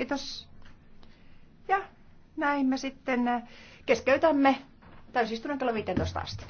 Kiitos. Ja näin me sitten äh, keskeytämme täysistunnon kello 15 asti.